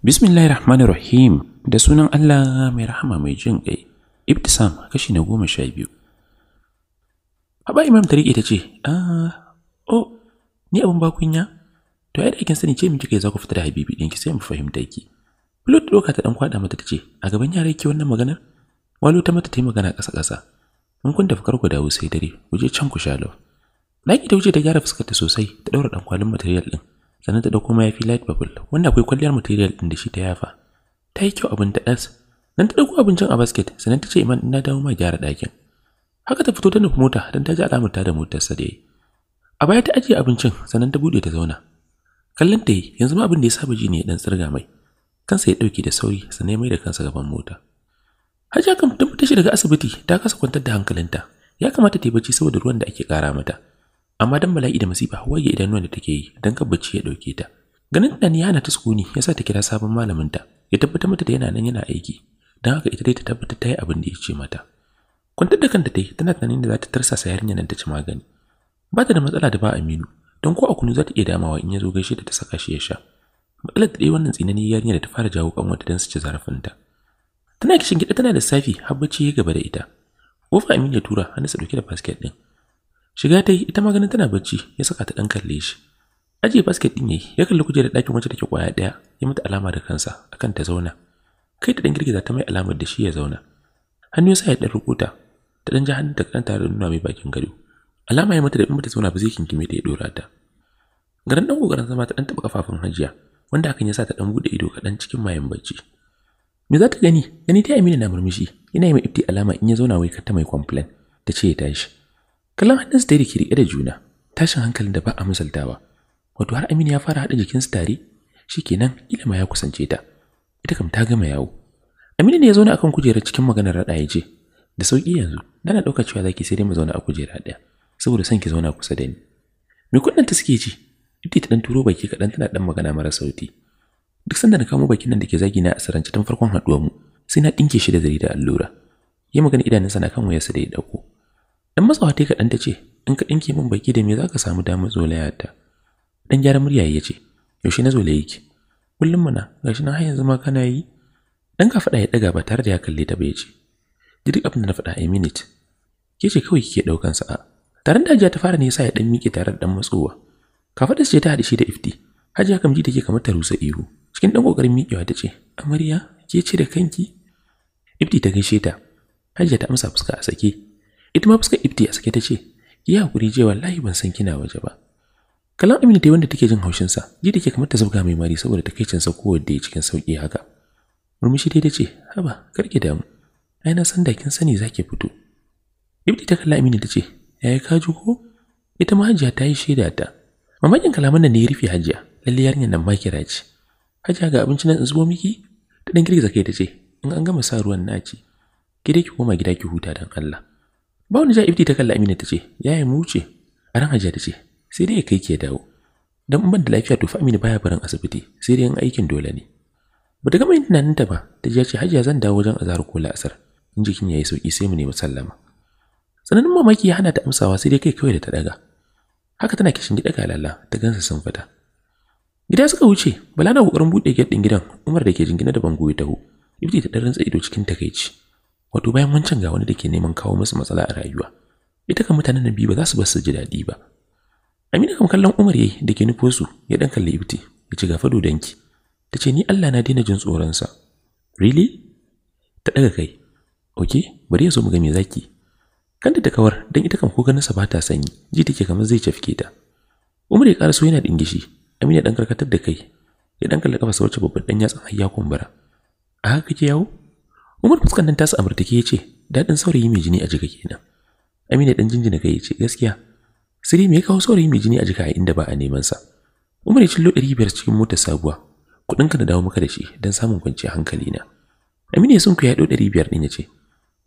Bismillahir Rahmanir Rahim da sunan Allah mai rahama mai jin kai Ibtisam kashi na goma sha biyu. Haba Imam Tariq ta ce, "Ah, oh, ni abin ba To ai da kin sani ce miki kai za ku fita da Habibi ki sai mu fahimta ki." Flut ɗoka ta ɗan kwada mata ta ce, "A gaban yare ki wannan maganar?" Walu ta mata ta yi magana kasa ƙasa in kun tafi kar ku dawo sai dare ku je can ku sha lau Naki ta wuce ta gyara fuskar ta sosai ta daura dan kwalin material din sannan ta dauko mayafi light bubble wanda akwai kwalliyar material din da shi ta yafa ta yi kyau abin ta das nan ta dauko abincin a basket sannan ta ce iman ina dawo ma gyara dakin haka ta fito ta nufi mota dan ta ji alamar ta da motar sa da yi a baya ta ajiye abincin sannan ta bude ta zauna kallon ta yi yanzu ma abin da ya saba ji ne ya dan tsirga mai kansa ya dauke da sauri sannan mai da kansa gaban mota Hajiya kam tun fita shi daga asibiti ta kasa kwantar da hankalinta. Ya kamata ta yi bacci saboda ruwan da ake ƙara mata. Amma dan bala'i da masifa idan idanuwan da take yi dan kar bacci ya dauke ta. Ganin ɗani yana ta sukuni ya ta kira sabon malaminta ya tabbatar mata da yana nan yana aiki. Don haka ita dai ta tabbatar ta yi abin da ya ce mata. Kwantar da kanta yi tana tunanin da za ta tarsasa yarinya nan ta ci magani. Ba ta da matsala da ba Aminu don ko a kunu za ta iya damawa in ya zo gaishe da ta saka shi ya sha. matsalar da wannan tsinani yarinya da ta fara jawo kanwata don su ci zarafinta Tana kishin gida tana safi har bacci ya gaba da ita. Kofa amin ya tura hannu sa dauke da basket din. Shiga ta yi ita ma ganin tana bacci ya saka ta dan kalle shi. Aje basket din yayi ya kalli kujerar ɗakin wacce take kwaya daya ya mata alama da kansa akan ta zauna. Kai ta dan girgiza ta mai alamar da shi ya zauna. Hannu ya sa ya dan rukuta ta dan ji hannu ta tare da nuna mai bakin gado. Alama ya mata da in mata zauna ba zai kinkime ta ya dora ta. Garin dan kokarin zama ta dan taba kafafun hajiya wanda hakan ya sa ta dan bude ido kaɗan cikin mayan bacci. Me za ta gani? Gani ta Amina na murmushi. Ina yi ma Ifti alama in ya zauna wai ta mai complain. Ta ce ya tashi. Kallon hannunsa da yake riƙe da juna. Tashin hankalin da ba a misaltawa. Wato har Aminu ya fara haɗa jikinsu tare. shi Shikenan ilima ya kusance ta. Ita kam ta gama yawo. Aminu ne ya zauna akan kujerar cikin maganar raɗa ya ce, Da sauƙi yanzu, dana ɗauka cewa za ki sai dai mu zauna a kujera ɗaya, saboda son ki zauna kusa da ni. Me kuɗin ta suke ji? Ifti ta ɗan turo baki kaɗan tana ɗan magana mara sauti. duk sanda na kamo bakin nan da ke zagi na a sarance tun farkon haduwa mu sai na ɗinke shi da zari da allura ya magana idanunsa na kan wayarsa da ya dauko. dan matsawa ta kaɗan ta ce in ka ɗinke min baki da me za ka samu damar zolaya ta dan gyara murya ya ce yaushe na zolaye ki kullum muna gashi na har yanzu ma kana yi dan ka faɗa ya ɗaga ba tare da ya kalle ta ba ya ce duk abin da na faɗa a minute ke ce kawai kike ɗaukan a taron da jiya ta fara ne yasa ya ɗan miƙe tare da ɗan matsowa kafaɗar ce ta haɗe shi da ifti hajiya kamji take kamar ta rusa ihu cikin dan ƙoƙarin miƙewa ta ce amarya ke ce da kanki ifti ta gaishe ta hajiya ta amsa fuska a sake ita ma fuskar ifti a sake ta ce ki hakuri je wallahi ban san kina waje ba kalan amina dai wanda take jin haushin sa ji take kamar ta zubga mai mari saboda takeicin sa kowanne ya cikin sauki haka murmushi dai ta ce haba kar ki damu ai na san da kin sani zaki fito ifti ta kalla amina ta ce yi kaji ko ita ma hajiya ta yi shaida ta mamakin kalaman nan ne ya rufe hajiya lalle yarinyar nan ma kira ce hajiya ga abinci nan in zubo miki ta dan girgiza kai ta ce in an gama sa ruwan naci ki dai ki koma gida ki huta dan Allah ba wani ja ibti ta kalla Amina ta ce yaya mu wuce a ran hajiya ta ce sai dai kai ki dawo dan in ban da lafiya to fa Amina baya barin asibiti sai dai in aikin dole ne ba ta gama yin tunaninta ba ta ji ce hajiya zan dawo wajen azhar ko la'asar in jikin ya yi sauki sai mu nemi sallama tsananin mamaki ya hana ta amsawa sai dai kai kawai da ta ɗaga. haka tana kishin gida ga lalla ta gansa sun fita Gida suka wuce, Bala na kokarin buɗe gate din gidan, Umar da ke jingina da bango ya taho. Ibti ta dan tsaye ido cikin takeici. Wato bayan wancan ga wani da ke neman kawo musu matsala a rayuwa. Ita kan mutanen nan biyu ba za su bar su ji daɗi ba. Amina kam kallon Umar yayi da ke nufo su, ya dan kalli Ibti, ya ci gafa dodanki. Ta ce ni Allah na daina jin tsoron sa. Really? Ta daga kai. Okay, bari ya zo mu ga me zaki. Kanta ta kawar dan ita kam ko ganin sa ba ta sanyi, ji take kamar zai cafke ta. Umar ya karaso yana dingishi, Aminu ya dan karkatar da kai. Ya dan kalla kafa wacce babban dan yatsan hayya ya kumbura. A haka kike yawo? Umar fuskan nan tasa amurtake ya ce, daɗin saurayi mai jini a jika kenan. Aminu ya dan jinjina kai ya ce, gaskiya. Siri me ya kawo saurayi mai jini a jika a inda ba a neman sa? Umar ya cillo ɗari biyar cikin mota sabuwa. ka da dawo maka da shi dan samun kwanciyar hankali na. Aminu ya sunku ya ɗau ɗari biyar ɗin ya ce,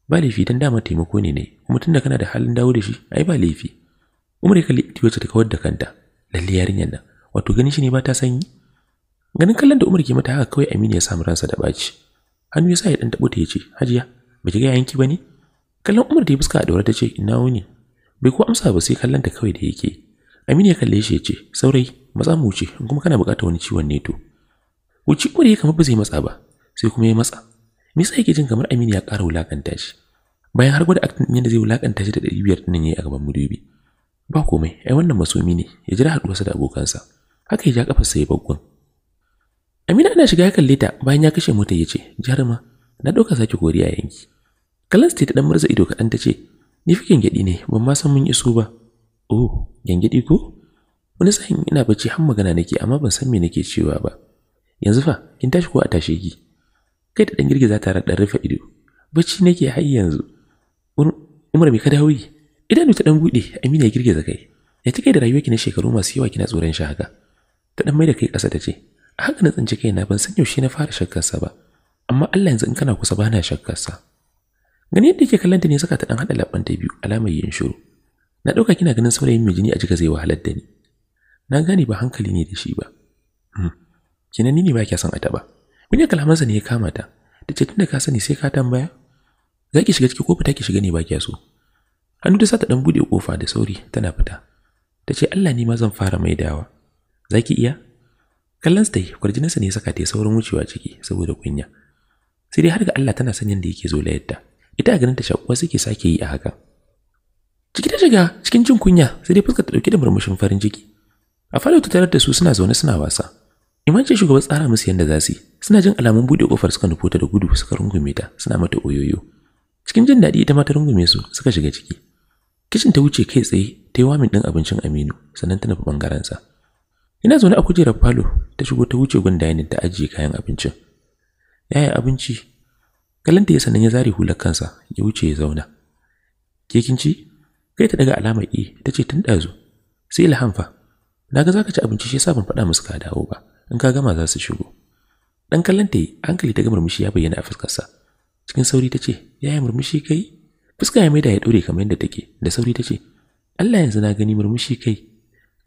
ba laifi dan dama taimako ne ne kuma tunda kana da halin dawo da shi ai ba laifi umar ya kalli ita wacce ta kawar da kanta lalle yarinyar nan wato ganin shi ne ba ta sanyi ganin kallon da Umar ke mata haka kawai Aminu ya samu ransa da baci hannu ya sa ya dan tabo ta yace hajiya ba ki ga yanki bane kallon Umar da ya fuska a daure ta ce ina wuni bai ko amsa ba sai kallon ta kawai da yake Aminu ya kalle shi ya ce saurayi matsa mu wuce kuma kana bukatar wani ciwon ne to wuce Umar ya kamar ba zai matsa ba sai kuma ya matsa me yasa yake jin kamar Aminu ya ƙara wulakanta shi bayan har gwada aktin yadda zai wulakanta shi da 500 din yayi a gaban mudubi ba komai ai wannan masomi ne ya jira sa da abokansa haka ya ja sai ya Amina ana shiga ya kalle bayan ya kashe mota ya ce, na ɗauka saki kori a yanki. Kalas ta dan murza ido kaɗan ta ce, Ni fi gyangyaɗi ne, ban ma san mun iso ba. Oh, gyangyaɗi ko? Wani sa'in ina bacci har magana nake amma ban san me nake cewa ba. Yanzu fa, kin tashi ko a tashi ki? Kai da ɗan girgiza ta da rufe ido. Bacci nake har yanzu. Umar bai ka dawo yi? Idanu ta ɗan buɗe, Amina ya girgiza kai. Ya ta kai da rayuwarki na shekaru masu yawa kina tsoron shi haka. ta dan mai kai kasa ta ce a haka na tsinci na, ban san yaushe na fara shakkarsa ba amma Allah yanzu in kana kusa ba na shakkarsa gani yadda yake kallanta ne saka ta dan hada labban ta biyu alamar yin shiru na dauka kina ganin saurayin mai jini a jika zai wahalar da ni na gane ba hankali ne da shi ba hmm, kina ni ne ba kya san a taba wani kalamansa ne ya kama ta ta ce tunda ka sani sai ka tambaya za ki shiga ciki ko fita ki shiga ne ba kya so hannu ta sa ta dan bude kofa da sauri tana fita ta ce Allah ne ma zan fara mai dawa. zaki iya kallon ta yi kwarjinansa ne ya saka ta yi saurin wucewa ciki saboda kunya sai dai har ga Allah tana son yadda yake zo layarta ita a ganin ta shakuwa suke sake yi a haka ciki ta shiga cikin jin kunya sai dai fuskar ta dauke da murmushin farin ciki a falo ta tarar da su suna zaune suna wasa Imanci ce shugaba tsara musu yadda za su yi suna jin alamun buɗe kofar suka nufo ta da gudu suka rungume ta suna mata oyoyo cikin jin daɗi ita ma ta rungume su suka shiga ciki kicin ta wuce kai tsaye ta yi wamin ɗin abincin aminu sannan ta nufi sa Ina zaune a kujerar falo ta shigo ta wuce gun dining ta ajiye kayan abincin. Yaya abinci? Kalanta ya sanan ya zare hular kansa ya wuce ya zauna. Ke kin ci? Kai ta daga alama E ta ce tun ɗazu. Sai Ilham fa. Na ga zaka ci abinci shi yasa ban faɗa musu ka dawo ba. In ka gama za su shigo. Ɗan kalanta hankali ta ga murmushi ya bayyana a fuskarsa. Cikin sauri ta ce, "Yaya murmushi kai?" Fuska ya maida ya dore kamar yadda take, da sauri ta ce, "Allah yanzu na gani murmushi kai."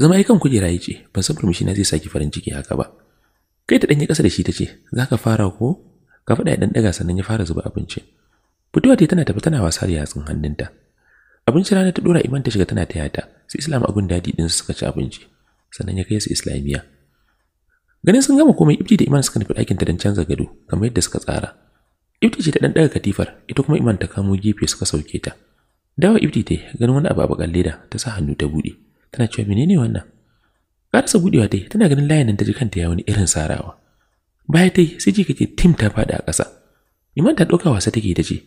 zama ai kan kujera ce ban san farmishi na zai saki farin ciki haka ba kai ta danyi kasa da shi ta ce za fara ko ka faɗa ya daga, sannan ya fara zuba abinci. fituwa ta tana tafi tana wasa da yatsun hannunta abincin rana ta dora iman ta shiga tana taya ta su islam abin dadi din suka ci abinci sannan ya kai su islamiya ganin sun gama komai ibti da iman suka nufi ɗakin ta don canza gado kamar yadda suka tsara ibti ce ta ɗan ɗaga katifar ita kuma iman ta kamo gefe suka sauke ta dawa ibti ta ganin wani abu a bakan leda ta sa hannu ta buɗe tana cewa menene wannan sa budewa dai tana ganin layin nan ta ji kanta ya wani irin sarawa baya tai sai ji kake tim ta fada a ƙasa iman ta ɗauka wasa take ta ce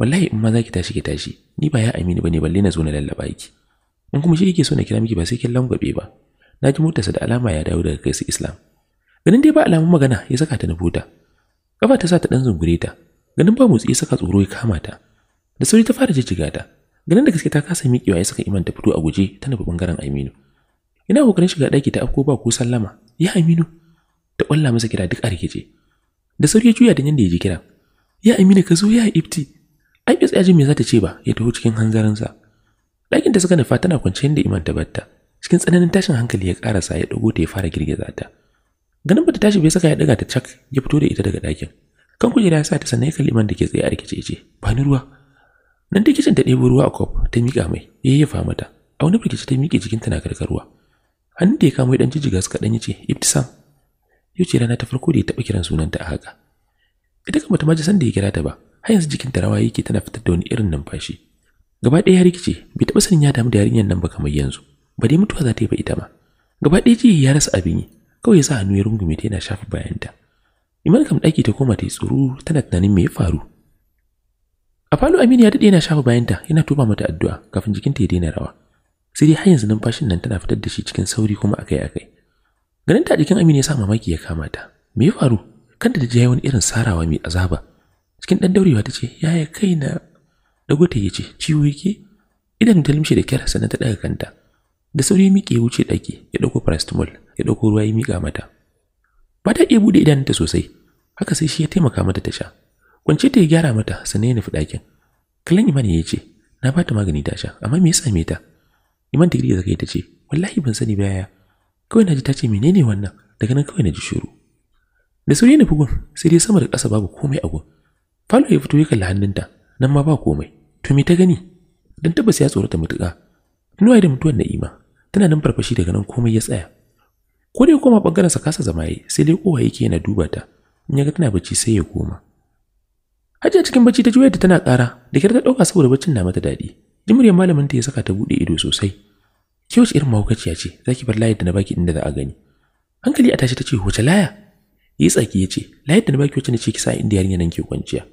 wallahi in ma za ki tashi ki tashi ni ba ya amini bane balle na zo na lallaba ki in kuma shi yake so na kira miki ba sai kin langwabe ba na ji motarsa da alama ya dawo daga kai su islam ganin dai ba alamun magana ya saka ta na buta kafa ta sa ta dan zungure ta ganin ba motsi ya saka tsoro ya kama ta da sauri ta fara jijjiga ta ganin da gaske ta kasa miƙewa ya saka iman fito a guje ta nufi bangaren aminu ina kokarin shiga ɗaki ta afko ba ko sallama ya aminu ta ƙwalla masa kira duk a rikice da sauri ya juya da yanda ya ji kira ya aminu ka zo ya ifti ai bai tsaya jin me za ta ce ba ya taho cikin hanzarinsa ɗakin ta suka nufa tana kwance da iman ta batta cikin tsananin tashin hankali ya karasa ya ɗago ta ya fara girgiza ta ganin ba ta tashi bai saka ya ɗaga ta cak ya fito da ita daga ɗakin kan kujera ya sa ta sannan ya kalli iman da ke tsaye a rikice ce ba ni ruwa nan da kicin ta ɗebo ruwa a kwaf ta miƙa mai ya yafa mata a wani birkici ta miƙe jikinta na karkarwa hannun da ya kamo ɗan jijjiga su kaɗan ya ce ibtisam yau ce rana ta farko da ya taɓa kiran sunanta a haka ita kama ta maji sanda da ya kira ta ba har yanzu jikinta rawa yake tana fitar da wani irin numfashi gaba ɗaya ya rikice bai taɓa sanin ya damu da yarinyar nan ba kamar yanzu ba dai mutuwa za ta yi ba ita ma gaba ɗaya ji ya rasa abin yi kawai ya sa hannu ya rungume ta yana shafa bayanta iman kam ɗaki ta koma ta yi tsoro tana tunanin me ya faru a falo Aminu ya dade yana shafa bayanta yana tuba mata addu'a kafin jikinta ya daina rawa sai dai har yanzu numfashin nan tana fitar da shi cikin sauri kuma akai-akai ganin ta jikin Aminu ya sa mamaki ya kama ta me ya faru kanta da jiya wani irin sarawa mai azaba cikin dan daurewa ta ce yaya kai na dago ta yace ciwo yake idan ta limshe da kyar sannan ta daga kanta da sauri ya miƙe wuce daki ya ɗauko paracetamol ya ɗauko ruwa ya miƙa mata ba ta iya bude idanunta sosai haka sai shi ya taimaka mata ta sha Kwance ta gyara mata sannan ya nufi ɗakin. Kallon Iman ya ce, na ba ta magani ta sha, amma me ya same ta? Iman ta girgiza kai ta ce, wallahi ban sani ba yaya. Kawai na ji ta ce menene wannan, daga nan kawai na ji shuru Da sauri na bugun, sai dai sama da ƙasa babu komai a gun. Falo ya fito ya kalli hannunta, nan ma ba komai. To me ta gani? Dan tabbas ya tsorata mutuƙa. Tunuwa da mutuwar Na'ima, tana nan farfashi daga nan komai ya tsaya. Ko dai koma bangaren sa kasa zama yayi, sai dai kowa yake yana duba ta. In ya ga tana bacci sai ya koma. Hajiya cikin bacci ta juya tana kara, da kyar ta ɗauka saboda baccin na mata daɗi. Jimriyar malamin ta ya saka ta buɗe ido sosai. Ke irin mahaukaciya ce, za ki bar layar da na baki inda za a gani. Hankali a tashi ta ce, wace laya? Yi tsaki ya ce, layar da na baki wacce na ce ki sa inda yarinya nan ke kwanciya.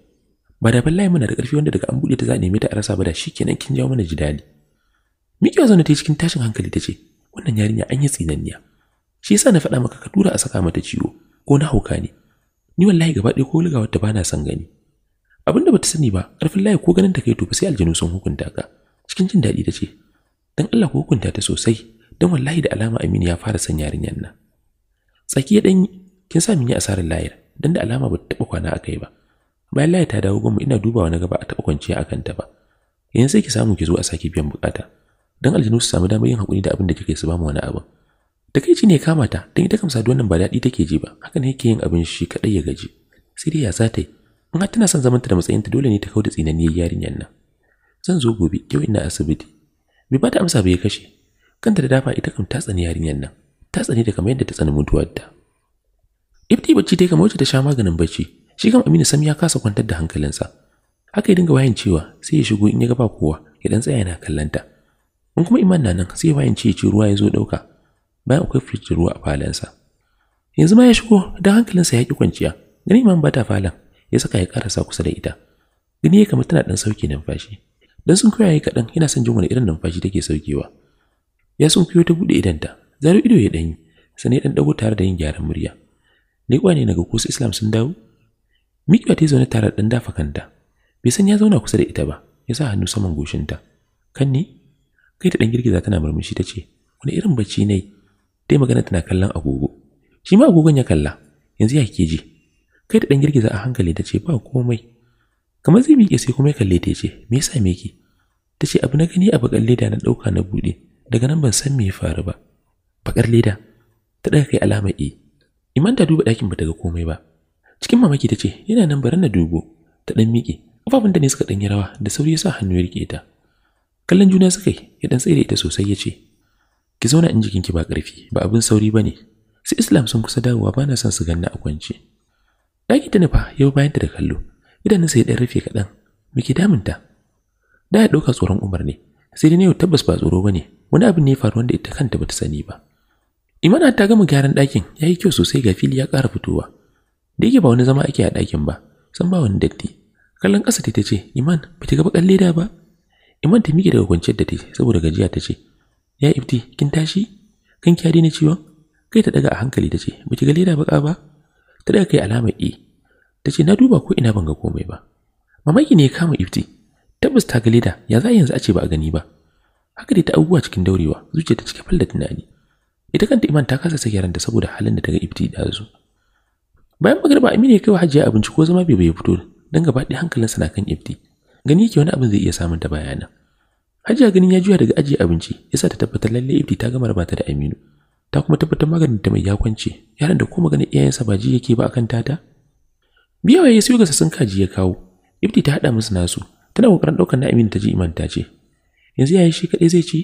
Ba da layi muna da ƙarfi wanda daga an buɗe ta za a neme ta a rasa ba da shi kenan kin jawo mana jidali. Mikiya zaune ta yi cikin tashin hankali ta ce, wannan yarinya an yi tsinanniya. Shi yasa na faɗa maka ka tura a saka mata ciwo, ko na hauka ne. Ni wallahi gaba ɗaya ko ligawar ta bana son gani. abin da bata sani ba ƙarfin layi ko ganin ta kai to ba sai aljanu sun hukunta ka cikin jin daɗi ta ce dan Allah ko hukunta ta sosai dan wallahi da alama Aminu ya fara san yarinyar nan tsaki ya dan kin sa min yi asarar layar dan da alama bata taba kwana a kai ba bayan layi ta dawo mu, ina dubawa na gaba a taɓa kwanciya a kanta ba yanzu sai ki samu ki zo a sake biyan bukata dan aljanu su samu damar yin hakuri da abinda kike su ba mu wani abu. takeici ne kama ta dan ita kamsa wannan ba daɗi take ji ba haka ne yake yin abin shi kadai ya gaji sai dai ya zata yi in har tana son zamanta da matsayinta dole ne ta kauda tsinaniyar yarinyar nan zan zo gobe yau ina asibiti bai ba ta amsa ba ya kashe kanta da dafa ita kam ta tsani yarinyar nan ta tsani da kamar yadda ta tsani mutuwar ta ibti bacci dai kamar wacce ta sha maganin bacci shi kam aminu sam ya kasa kwantar da hankalinsa haka ya dinga wayan cewa sai ya shigo in ya ga ba kowa ya dan tsaya yana kallanta in kuma iman na nan sai wayan cewa ruwa ya zo dauka bayan akwai fridge ruwa a falansa yanzu ma ya shigo don hankalinsa ya ki kwanciya ganin ma ba ta falan ya saka ya karasa kusa da ita gani ya kama tana dan sauki numfashi dan sun koyaye kaɗan yana son jin wani irin numfashi take saukewa ya sun kuyo ta buɗe idanta zaro ido ya ɗanyi sani ya ɗan ɗago tare da yin gyaran murya Ni ne naga su islam sun dawo mikiwa ta zaune tare da ɗan dafa kanta bai san ya zauna kusa da ita ba ya sa hannu saman goshinta kan ne kai ta ɗan girgiza tana murmushi ta ce wani irin bacci ne dai magana tana kallon agogo shi ma agogon ya kalla yanzu ya ke ji kai da ɗan girgiza a hankali ta ce ba komai kamar zai miƙe sai kuma ya kalle ta ce me yasa miki ta ce abu na gani a bakar leda na ɗauka na buɗe daga nan ban san me ya faru ba bakar leda ta ɗaga kai alama e iman ta duba ɗakin bata ga komai ba cikin mamaki ta ce yana nan baran na dubo ta ɗan miƙe kafafun da ne suka ɗan yi rawa da sauri ya sa hannu ya rike ta kallon juna suka yi ya ɗan tsaye da ita sosai ya ce ki zauna in jikinki ba karfi ba abin sauri ba ne sai islam sun kusa dawowa bana son su ganna a kwance daki ta nufa ya bayan bayanta da kallo, idanunsa ya ɗan rufe kaɗan, me ke ta. Da ya ɗauka tsoron Umar ne, sai dai na yau tabbas ba tsoro ba ne, wani abin ne ya faru wanda ita kanta bata sani ba. Imana ta gama gyaran ɗakin ya yi kyau sosai ga fili ya ƙara fitowa. Da yake ba wani zama ake a ɗakin ba, san ba wani datti. Kallon ƙasa ta ce, Iman, ba ta ga baƙar leda ba? Iman ta miƙe daga kwanciyar da ta saboda gajiya ta ce, Ya ifti, kin tashi? Kan ki daina ciwon? Kai ta ɗaga a hankali ta ce, Ba ta ga leda baƙa ba? ta daga kai alamar E ta ce na duba ko ina ban ga komai ba mamaki ne ya kama ifti tabbas ta ga leda ya za yanzu a ce ba a gani ba haka dai ta abubuwa cikin daurewa zuciya ta cike fal da tunani ita kanta iman ta kasa sake ranta saboda halin da ta ga ifti da zu bayan magarba amina ya kai wa hajiya abinci ko zama bai bai fito don gaba ɗaya hankalinsa na kan ifti gani yake wani abin zai iya samun ta bayana hajiya ganin ya juya daga ajiye abinci yasa ta tabbatar lallai ifti ta gama rabata da aminu ta kuma tabbatar maganin ta mai yakwanci yaron da ko magana iyayensa ba ji yake ba akan tata biyawa waye siyo gasa sun kaji ya kawo ifti ta hada musu nasu tana kokarin daukar na ta ji imanta ce yanzu yayi shi kadai zai ci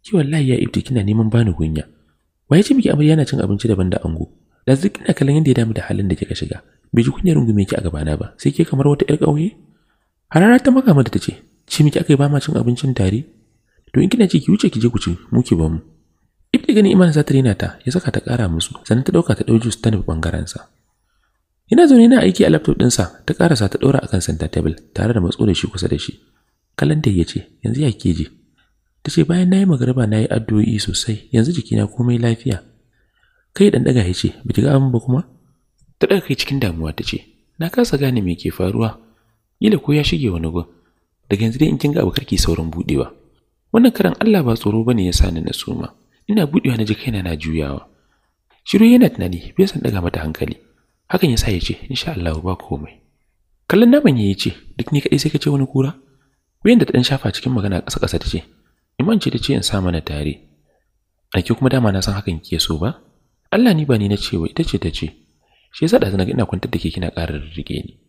ki wallahi ya ifti kina neman bani gunya waye ce miki amarya yana cin abinci daban da ango da zuki na kallon yadda ya damu da halin da kika shiga bai ji kunyar rungume ki a gabana ba sai ke kamar wata yar kauye harara ta maka mata tace ci miki akai ba ma cin abincin tare to in kina ci ki wuce ki je ku ci mu ki ba mu duk da gani imana za ta rina ta ya saka ta ƙara musu sannan ta ɗauka ta ɗau juice ta nufi ɓangarensa ina zaune na aiki a laptop ɗinsa ta sa ta ɗora akan center table tare da matso da shi kusa da shi kallon da ya ce yanzu ya ke ji ta ce bayan na yi magariba na yi addu'o'i sosai yanzu jikina komai lafiya kai ɗan ɗaga ya ce bai ki ga abin ba kuma ta ɗaga kai cikin damuwa ta ce na kasa gane me ke faruwa kila ko ya shige wani gun daga yanzu dai in kin ga abu karki saurin buɗewa wannan karan Allah ba tsoro bane ya sa na suma ina buɗewa na ji kaina na juyawa shiru yana tunani bai san daga mata hankali hakan ya sa ya ce insha Allah ba komai kallon naman yayi ce duk ni kadai sai ka ce wani kura wayan da ta dan shafa cikin magana ƙasa ƙasa ta ce iman ce ta ce in sa mana tare ake kuma dama na san hakan ke so ba Allah ni ba ni na cewa ita ce ta ce shi yasa da ga ina kwantar da ke kina ƙarar rike ni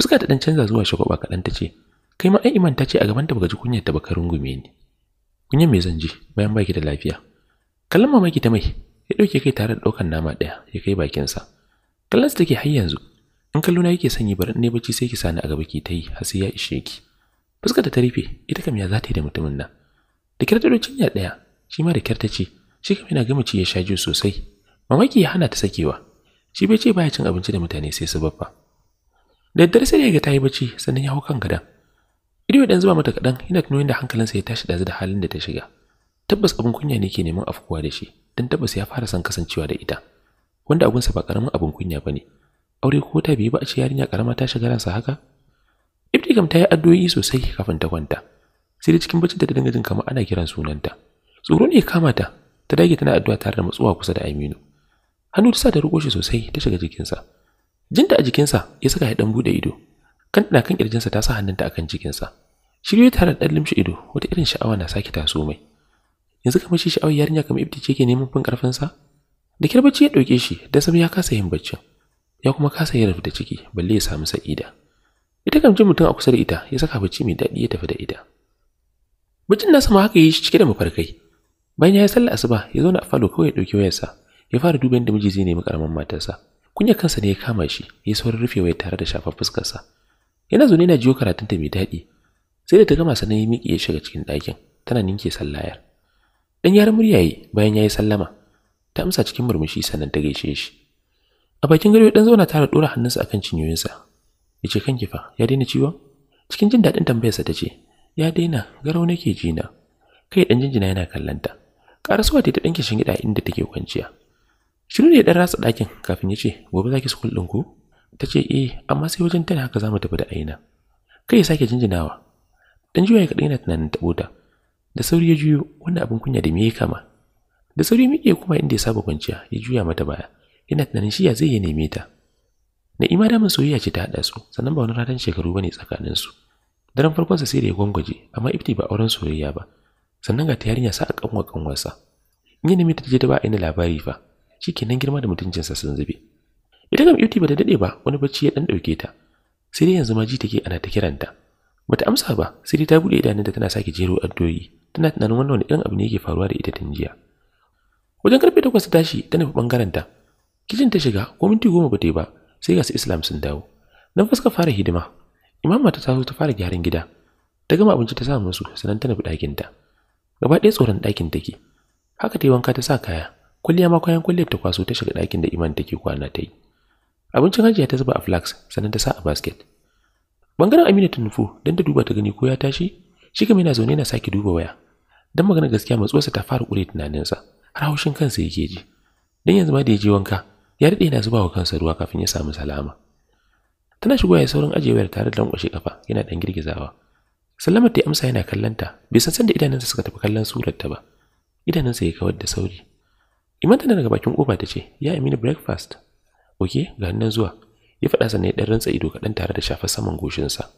fuska ta dan canza zuwa shagwaba kaɗan ta ce kai ma ai iman ta ce a gaban ta baka ji kunyar ta baka rungume ni Kunya me zan ji bayan baki da lafiya kallon mamaki ta mai ya ɗauke kai tare da ɗaukan nama ɗaya ya kai bakinsa kallon su take har yanzu in kalluna yake sanyi bari ne bacci sai ki sani a gaba ki ta yi har sai ya ishe ki fuskar ta rufe ita kam ya za ta yi da mutumin nan da kyar ta ɗauki cinya ɗaya shi ma da kyar ta ce shi kam yana gama ci ya sha jiyo sosai mamaki ya hana ta sakewa shi bai ce baya cin abinci da mutane sai su babba da daddare sai da ya ga ta yi bacci sannan ya hau kan gadan ido ya ɗan zuba mata kaɗan yana tuno da hankalinsa ya tashi ɗazu da halin da ta shiga tabbas abin kunya ne ke neman afkuwa da shi don tabbas ya fara son kasancewa da ita wanda abunsa ba karamin abin kunya ba ne aure ko ta biyu ba a ce yarinya karama ta shiga ransa haka ibtigam ta yi addu'o'i sosai kafin ta kwanta sai da cikin bacci da ta dinga jin kamar ana kiran sunanta tsoro ne kama ta ta dage tana addu'a tare da matsuwa kusa da Aminu hannu ta sa ta riko sosai ta shiga jikinsa jinta a jikinsa ya saka ya dan bude ido kan na kan kirjinsa ta sa hannunta akan cikinsa shirye tare da dan ido wata irin sha'awa na sake taso mai yanzu kamar shi sha'awar yarinya kamar ibti ce ke neman fin ƙarfinsa da kyar bacci ya ɗauke shi da sam ya kasa yin baccin ya kuma kasa yin da ciki balle ya samu sa'ida ita kam jin mutum a kusa da ita ya saka bacci mai daɗi ya tafi da ita baccin na sama haka yi shi cike da mafarkai bayan ya yi sallah asuba ya zauna a falo kawai ya ɗauki wayarsa ya fara duba yadda miji zai nemi karamin matarsa kunya kansa ne ya kama shi ya saurin rufe wayar tare da shafar fuskarsa yana zaune yana jiyo karatunta mai daɗi sai da ta gama sannan ya miƙe ya shiga cikin ɗakin tana ninke sallayar Dan yar murya yi bayan yayi sallama. Ta amsa cikin murmushi sannan ta gaishe shi. A bakin gado dan zauna tare dora hannunsa akan cinyoyinsa. Yace kan kifa, ya daina ciwon? Cikin jin dadin tambayarsa ta ce, "Ya daina, garau nake jina." Kai dan jinjina yana kallanta. Karasuwa ta danke shingida inda take kwanciya. Shiru ne dan ratsa dakin kafin ya ce, "Gobe zaki school din ku?" Ta ce, "Eh, amma sai wajen tana haka zamu tafi da aina." Kai sake jinjinawa. Dan juya kaɗai yana tunanin tabota. da sauri ya juyo wanda abin kunya da me kama da sauri miƙe kuma inda ya saba kwanciya ya juya mata baya yana tunanin shi ya zai ya neme ta Na'ima da soyayya ce ta hada su sannan ba wani ratan shekaru bane tsakanin su daren farkon sa sai da ya gwangwaje amma ifti ba auren soyayya ba sannan ga ta yarinya sa a kanwa kanwarsa in ya neme ta je ta ba ina labari fa shikenan girma da sa sun zube ita kam ifti ba ta dade ba wani bacci ya dan dauke ta sai dai yanzu ma ji take ana ta kiranta bata amsa ba sai dai ta bude da tana sake jero addoyi tana tunanin wannan wani irin abu ne yake faruwa da ita tun jiya wajen karfe takwas ta tashi ta nufi ta kicin ta shiga ko minti goma ba ta ba sai gasu islam sun dawo nan fuska fara hidima imama ta taso ta fara gyaran gida ta gama abinci ta sa musu sannan ta nufi ɗakin ta gaba ɗaya tsoron ɗakin take haka ta yi wanka ta sa kaya Kwalliya ma kwayan kwalliyar ta kwaso ta shiga ɗakin da iman take kwana ta yi abincin hajiya ta zuba a flax sannan ta sa a basket Ɓangaren aminu ta nufu don ta duba ta gani ko ya tashi shi kam yana zaune yana sake duba waya dan magana gaskiya matsuwarsa ta fara kure tunaninsa har haushin kansa yake ji dan yanzu ma da je wanka ya daɗe yana zuba wa kansa ruwa kafin ya samu salama tana shigo ya saurin ajewar tare da lankwashe kafa yana dan girgizawa sallama ta amsa yana kallanta bai san sanda idanunsa suka tafi kallon surar ta ba idanunsa ya kawar da sauri iman tana daga bakin kofa ta ce ya mini breakfast oke ga nan zuwa ya faɗa sannan ya ɗan rantsa ido kaɗan tare da shafa saman goshinsa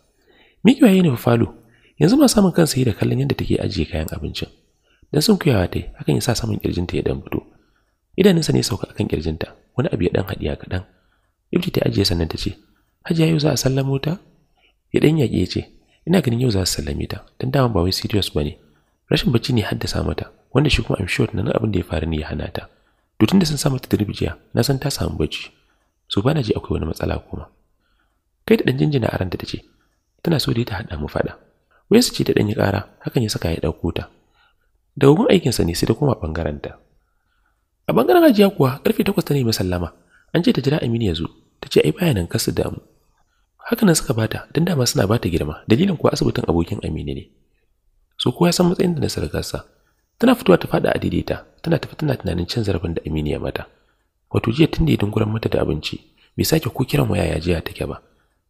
mikiwa ya nufi falo yanzu ma samun kansa yi da kallon yadda take ajiye kayan abincin dan sun kuyawa tai hakan yasa samun kirjinta ya dan fito idanunsa ne sauka akan kirjinta wani abu ya dan hadiya kadan ibti ta ajiye sannan ta ce hajiya yau za a sallamo ta ya dan yaki ya ce ina ganin yau za su sallame ta dan dama ba wai serious bane rashin bacci ne haddasa mata wanda shi kuma I'm sure nan abin da ya faru ne ya hana ta to tunda sun sa mata dirbijiya na san ta samu bacci so bana ji akwai wani matsala kuma kai da dan jinjina a ranta ce tana so da ta hada mu fada su ce da ɗanyi ƙara hakan ya saka ya ɗauko ta da gugun aikinsa ne sai ta koma ɓangarenta a ɓangaren ajiya kuwa ƙarfe takwas ta nemi sallama an ce ta jira aminu ya zo ta ce ai bayanan kasu damu haka nan suka bata don dama suna bata girma dalilin kuwa asibitin abokin aminu ne Su kuwa ya san matsayin da na sarkarsa tana fitowa ta faɗa a daidaita tana tafi tana tunanin cin zarafin da aminu ya mata wato jiya tun da ya dunguran mata da abinci bai sake ko kiran waya ya jiya ta take ba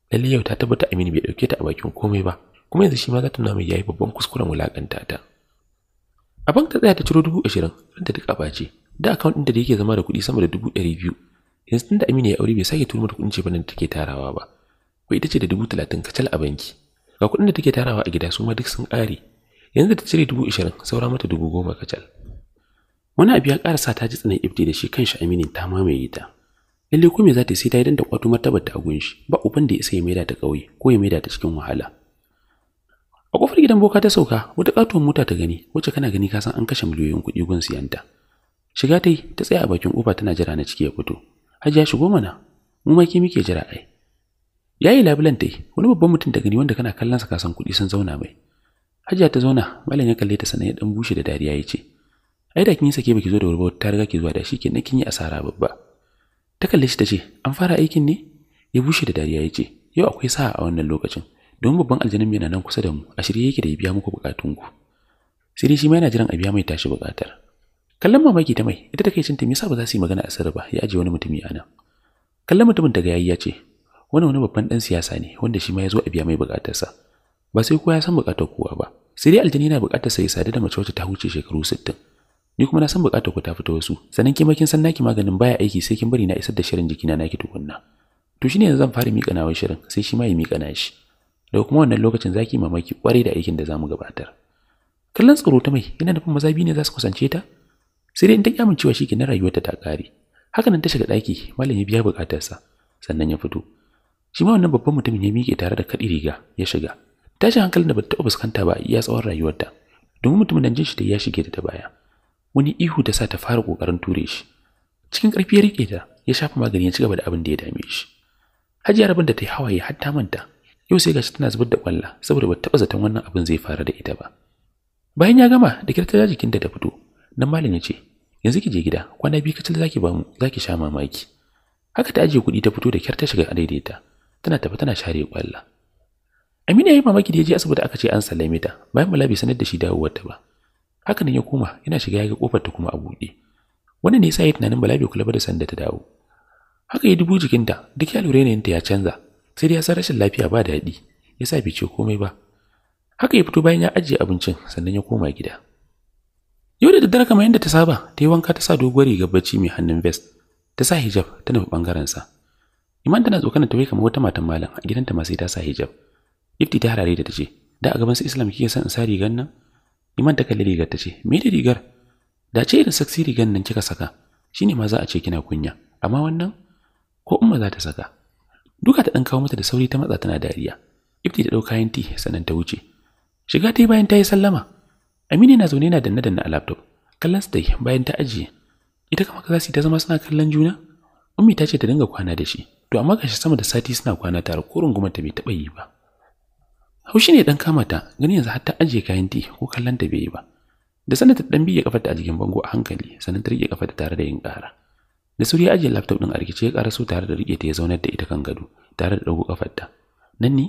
lalle yau ta tabbata aminu bai ɗauke ta a bakin komai ba kuma yanzu shi ma za ta nuna mai yayi babban kuskuren wulakanta ta a bank ta tsaya ta ciro dubu ashirin ta duk abace da account ɗinta da yake zama da kuɗi sama da dubu ɗari biyu yanzu tun da Aminu ya aure bai sake turmar kuɗin ce da take tarawa ba ko ita ce da dubu talatin kacal a banki ga kuɗin da take tarawa a gida su ma duk sun ƙare yanzu ta cire dubu ashirin saura mata dubu goma kacal wani abu ya sa ta ji tsanin ibdi da shi kanshi Aminu ta mamaye ta lalle ko me za ta sai ta yi dan da kwato martabar ta a gunshi ba uban da ya isa ya maida ta kauye ko ya maida ta cikin wahala a kofar gidan boka ta sauka wata katuwar mota ta gani wacce kana gani ka san an kashe miliyoyin kuɗi gun siyanta shiga ta yi ta tsaya a bakin kofa tana jira na ciki ya fito hajiya shigo mana mu ma ke muke jira ai yayi labulan ta yi wani babban mutum da gani wanda kana kallon sa ka san kuɗi sun zauna mai hajiya ta zauna malam ya kalle ta sanan ya dan bushe da dariya ya ce ai da kin sake baki zo da wurba ta riga ki zuwa da shi kenan kin yi asara babba ta kalle shi ta ce an fara aikin ne ya bushe da dariya ya ce yau akwai sa'a a wannan lokacin don babban aljanin yana nan kusa da mu a shirye yake da ya biya muku bukatunku sai dai shi ma yana jiran a biya mai tashi bukatar kallon mamaki ta mai ita take cinta me yasa ba za su yi magana a sirri ba ya aje wani mutumi a nan kallon mutumin daga yayi ya ce wani wani babban dan siyasa ne wanda shi ma ya zo a biya mai bukatarsa ba sai kowa ya san bukatar kowa ba sai dai aljani yana bukatar sai ya sadu da mace wacce ta huce shekaru 60 ni kuma na san bukatar ku ta fito wasu sanan ke makin san naki maganin baya aiki sai kin bari na isar da shirin jikina naki tukunna to shine yanzu zan fara mika nawa shirin sai shi ma ya mika nashi da kuma wannan lokacin zaki mamaki kwarai da aikin da za mu gabatar kallon tsaro ta mai yana nufin maza biyu ne za su kusance ta sai dai in ta ki amincewa shi kenan rayuwarta ta kare haka nan ta shiga ɗaki malam ya biya sa. sannan ya fito shi ma wannan babban mutumin ya miƙe tare da kaɗi riga ya shiga tashin hankalin da ba ta taɓa fuskanta ba iya tsawon rayuwarta domin mutumin nan jin shi da ya shige ta baya wani ihu ta sa ta fara ƙoƙarin ture shi cikin ƙarfi ya riƙe ta ya shafa magani ya ci gaba da abin da ya dame shi hajiya rabin da ta yi hawaye har ta manta yau sai gashi tana zubar da kwalla saboda bata taba zaton wannan abin zai fara da ita ba bayan ya gama da kirta ta jikin da ta fito nan malam ya ce yanzu ki je gida kwana biyu kacal zaki bamu zaki sha mamaki haka ta ajiye kuɗi ta fito da kyar ta shiga adaidaita tana tafi tana share kwalla Amina yayi mamaki da ya je asibiti aka ce an sallame ta bayan Malabi sanar da shi dawowar ta ba haka nan ya koma yana shiga ya ga kofar ta kuma a buɗe wannan ne yasa ya tunanin Malabi kula ba da sanda ta dawo haka ya dubu jikinta duk ya lura yanayinta ya canza sai dai ya san rashin lafiya ba daɗi ya sa bai ce komai ba haka ya fito bayan ya ajiye abincin sannan ya koma gida yau da daddare kamar yadda ta saba ta yi wanka ta sa doguwar riga bacci mai hannun vest ta sa hijab ta nufi bangaren sa iman tana tsokan ta wai kamar wata matan malam a gidanta ma sai ta sa hijab ifti ta harare da ta ce da a gaban su islam kike son in sa rigar nan iman ta kalli rigar ta ce me da rigar da ce irin saksi rigar nan kika saka shine ma za a ce kina kunya amma wannan ko umma za ta saka duka ta ɗan kawo mata da sauri ta matsa tana dariya ifti ta dauka kayan ti sannan ta wuce shiga ta yi bayan ta yi sallama aminu na zaune na danna danna a laptop kallon su bayan ta ajiye ita kama ka su ta zama suna kallon juna ummi ta ce ta dinga kwana da shi to amma gashi sama da sati suna kwana tare ko rungumar ta bai taba yi ba haushi ne dan kama ta gani yanzu har ta ajiye kayan ti ko kallon ta bai yi ba da sanata ta dan biye kafar a jikin bango a hankali sannan ta rike kafar ta tare da yin kara da suri ajiye laptop din arkice ya tare da rike ta ya zaunar da ita kan gado tare da dago kafarta nan ne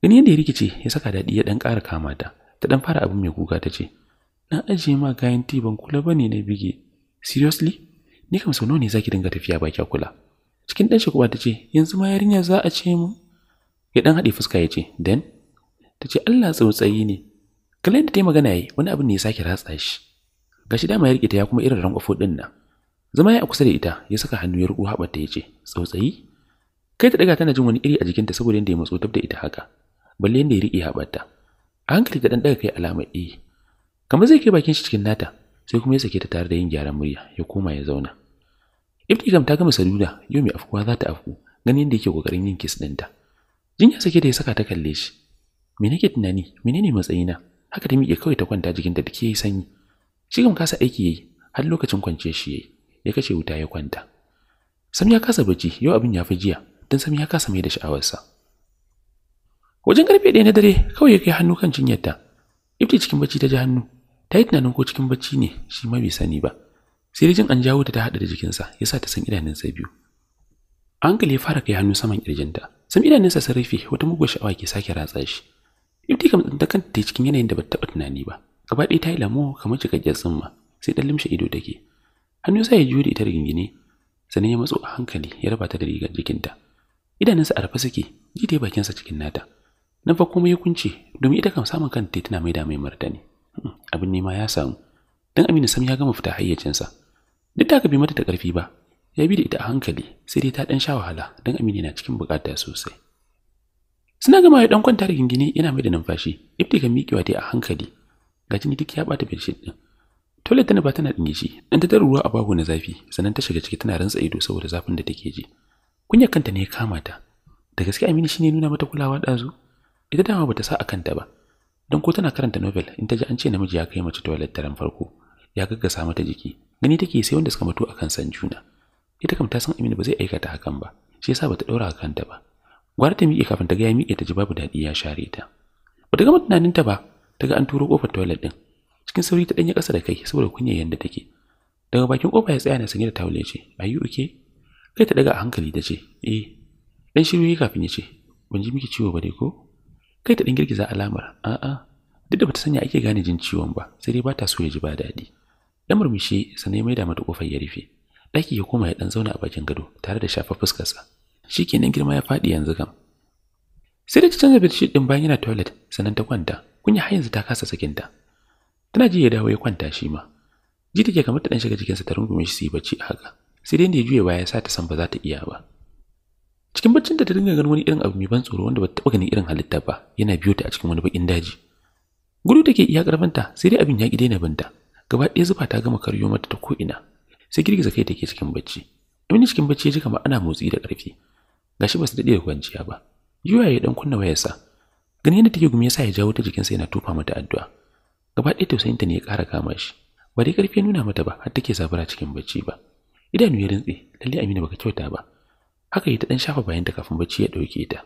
gani yadda ya rikice ya saka dadi ya dan kara kama ta ta dan fara abin mai kuka ta ce na ajiye ma kayan ti ban kula bane na bige seriously ni kam sau ne zaki dinga tafiya ba kya kula cikin dan shakuwa ta ce yanzu ma yarinya za a ce mu ya dan haɗe fuska ya ce dan ta ce Allah tsautsayi ne kalanda da ta yi magana yayi wani abin ne ya sake ratsa shi gashi dama ya rike ta ya kuma irin rankwafo din nan zama ya kusa da ita ya saka hannu ya ruku haɓata ya ce tsautsayi kai ta daga tana jin wani iri a jikinta saboda yadda ya matso da ita haka balle yadda ya riƙe haɓata. a hankali ta ɗan ɗaga kai alama E. kamar zai kai bakin shi cikin nata sai kuma ya sake ta tare da yin gyaran murya ya koma ya zauna ibtikam ta gama saduda yau mai afkuwa za ta afku ganin yadda yake kokarin yin kis kiss ɗinta jinya sake da ya saka ta kalle shi me nake tunani menene matsayina haka ta miƙe kawai ta kwanta jikinta da ke sanyi shi kam kasa aiki yayi har lokacin kwance shi yayi ya kashe wuta ya kwanta sam ya kasa bacci yau abin ya fi jiya don sam ya kasa mai da sha'awarsa wajen karfe ɗaya na dare kawai ya kai hannu kan cinyarta ifti cikin bacci ta ji hannu ta yi tunanin ko cikin bacci ne shi ma bai sani ba sai jin an jawo ta ta haɗa da jikinsa ya sa ta san idanunsa biyu hankali ya fara kai hannu saman ƙirjinta, sam idanunsa sun rufe wata mugun sha'awa ke sake ratsa shi ifti kam ta kanta ta cikin yanayin da bata taɓa tunani ba gaba ɗaya ta yi lamo kamar cikakken tsumma sai ɗan limshe ido take hannu sai ya juyo da ita da sannan ya matso a hankali ya raba ta da rigar jikinta idanunsa a rufe suke ji ta bakinsa cikin nata nan fa komai ya kunce domin ita kam samun kanta tana mai da mai martani hmm, abin nema ya samu dan Aminu sam ya gama fita hayyacinsa duk da ka bi mata da karfi ba ya bi da ita a hankali sai dai ta dan sha wahala dan Aminu na cikin bukata sosai suna gama ya dan kwanta da yana mai da numfashi ifti ka miƙewa ta a hankali ga jini duk ya bata bedsheet din toilet tana ba tana shi, dan ta ruwa a bahu na zafi, sannan ta shiga ciki tana rantsa ido saboda zafin da take ji. Kunya kanta ne ya kama ta. Da gaske Aminu shine nuna mata kulawa dazu. Ita dama bata sa akan ta ba. Dan ko tana karanta novel, in ta ji an ce namiji ya kai mace toilet taran farko, ya gaggasa mata jiki. Gani take sai wanda suka mutu akan san juna. Ita kam ta san Aminu ba zai aikata hakan ba, shi yasa bata daura ta ba. Gwara ta miƙe kafin ta ga ya miƙe ta ji babu dadi ya share ta. Bata gama ta ba, ta ga an turo kofar toilet din. cikin sauri ta danya ƙasa da kai saboda kunya yanda take daga bakin kofa ya tsaya na sanye da tawul ya ce ayi uke? kai ta daga a hankali da ce eh dan shiru yi kafin ya ce ban ji miki ciwo ba dai ko kai ta dan girgiza alamar a duk da bata sanya ake gane jin ciwon ba sai dai bata so ya ji ba daɗi dan murmushi sanai mai da mata kofar ya rufe daki ya koma ya dan zauna a bakin gado tare da shafa fuskarsa shikenan girma ya faɗi yanzu kam sai da ta canza bedsheet din bayan yana toilet sannan ta kwanta kunya har ta kasa sakinta tana jiya ya dawo ya kwanta shi ma ji take kamar ta dan shiga jikinsa ta rungume shi su bacci a haka sai dai da ya juya baya ya sa ta san ba za ta iya ba cikin baccin da ta dinga ganin wani irin abu mai ban tsoro wanda ba ta taɓa ganin irin halitta ba yana biyo ta a cikin wani bakin daji gudu take iya karfanta sai dai abin ya ki daina binta gaba ɗaya zufa ta gama karyo mata ta ko'ina sai girgiza kai take cikin bacci Aminu cikin bacci ya ji kamar ana motsi da ƙarfi gashi ba su daɗe da kwanciya ba Yuya ya dan kunna wayarsa. Gani yadda take gumi yasa ya jawo ta jikinsa yana tufa mata addu'a. gaba ɗaya tausayinta ne ya ƙara kama shi ba dai ƙarfi nuna mata ba har take zabura cikin bacci ba idanu ya rintse lalle Amina baka kyauta ba haka yi ta ɗan shafa bayanta kafin bacci ya ɗauke ta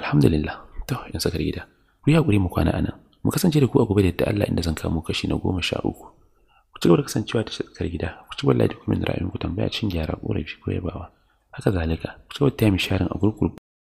alhamdulillah to in sakar gida ku ya haƙuri mu kwana anan mu kasance da ku a gobe da Allah inda zan kamo kashi na goma sha uku ku ci gaba da kasancewa ta sakar gida ku ci wallahi da kuma ra'ayin ku tambaya cin gyara korafi ko yabawa haka zalika ku ci gaba da tayar sharing a gurgur